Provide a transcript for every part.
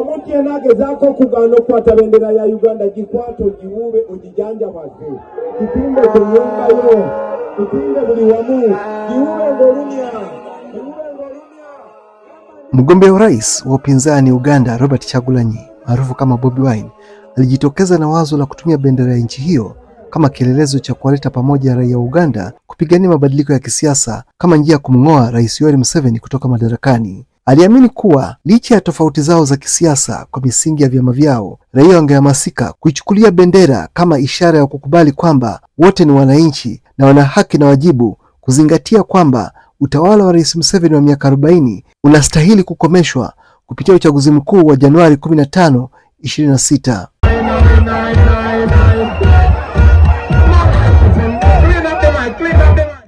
omuntu yena agezaako okugaana okukwata bendera ya uganda gikwate ogiwuube ogijanjabaze kitinde kipinde nyumba yo kitinde buli wamu giwuube ng'olumya Mgombea urais wa upinzani Uganda Robert Chagulanyi maarufu kama Bobi Wine alijitokeza na wazo la kutumia bendera ya nchi hiyo kama kielelezo cha kuwaleta pamoja raia wa Uganda kupigania mabadiliko ya kisiasa kama njia ya kumng'oa Rais Yoweri Museveni kutoka madarakani. Aliamini kuwa licha ya tofauti zao za kisiasa, kwa misingi ya vyama vyao, raia wangehamasika kuichukulia bendera kama ishara ya kukubali kwamba wote ni wananchi na wana haki na wajibu, kuzingatia kwamba utawala wa Rais Museveni wa miaka 40 unastahili kukomeshwa kupitia uchaguzi mkuu wa Januari 15, 26.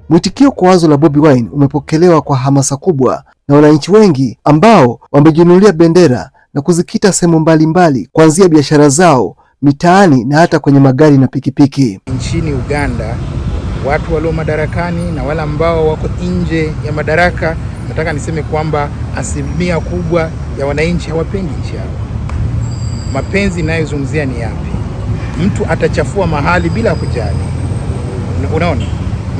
Mwitikio kwa wazo la Bobi Wine umepokelewa kwa hamasa kubwa na wananchi wengi ambao wamejinunulia bendera na kuzikita sehemu mbalimbali kuanzia biashara zao mitaani na hata kwenye magari na pikipiki. Nchini Uganda, watu walio madarakani na wale ambao wako nje ya madaraka, nataka niseme kwamba asilimia kubwa ya wananchi hawapendi nchi yao. Mapenzi inayozungumzia ni yapi? Mtu atachafua mahali bila kujali, unaona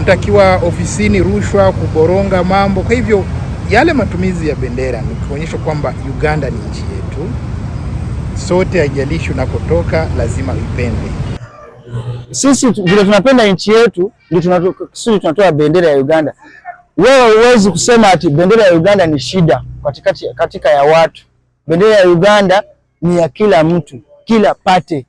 mtakiwa ofisini, rushwa, kuboronga mambo. Kwa hivyo yale matumizi ya bendera ni kuonyesha kwamba Uganda ni nchi yetu sote, haijalishi unakotoka, lazima ipende. Sisi vile tunapenda nchi yetu ndio tunatoa, sisi tunatoa bendera ya Uganda. Wewe huwezi kusema ati bendera ya Uganda ni shida katika, katika ya watu. Bendera ya Uganda ni ya kila mtu, kila pate.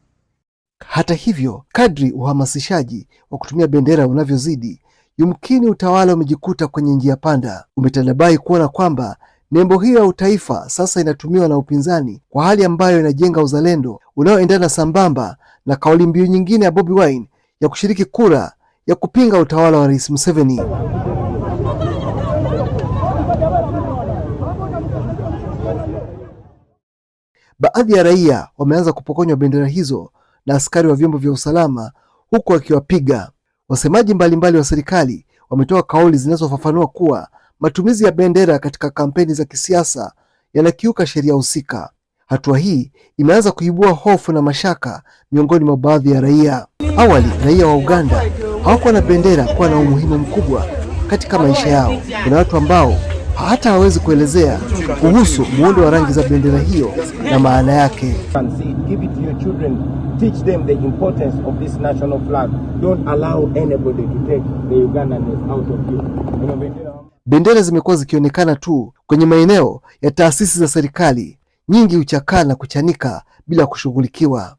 Hata hivyo, kadri uhamasishaji wa kutumia bendera unavyozidi, yumkini utawala umejikuta kwenye njia panda. Umetanabai kuona kwamba nembo hiyo ya utaifa sasa inatumiwa na upinzani kwa hali ambayo inajenga uzalendo unaoendana sambamba na kauli mbiu nyingine ya Bobi Wine ya kushiriki kura ya kupinga utawala wa Rais Museveni. Baadhi ya raia wameanza kupokonywa bendera hizo na askari wa vyombo vya usalama huku akiwapiga. Wasemaji mbalimbali wa serikali wametoa kauli zinazofafanua kuwa matumizi ya bendera katika kampeni za kisiasa yanakiuka sheria husika. Hatua hii imeanza kuibua hofu na mashaka miongoni mwa baadhi ya raia. Awali raia wa Uganda hawakuwa na bendera kuwa na umuhimu mkubwa katika maisha yao. Kuna watu ambao hata hawezi kuelezea kuhusu muundo wa rangi za bendera hiyo na maana yake. Bendera zimekuwa zikionekana tu kwenye maeneo ya taasisi za serikali, nyingi huchakaa na kuchanika bila kushughulikiwa.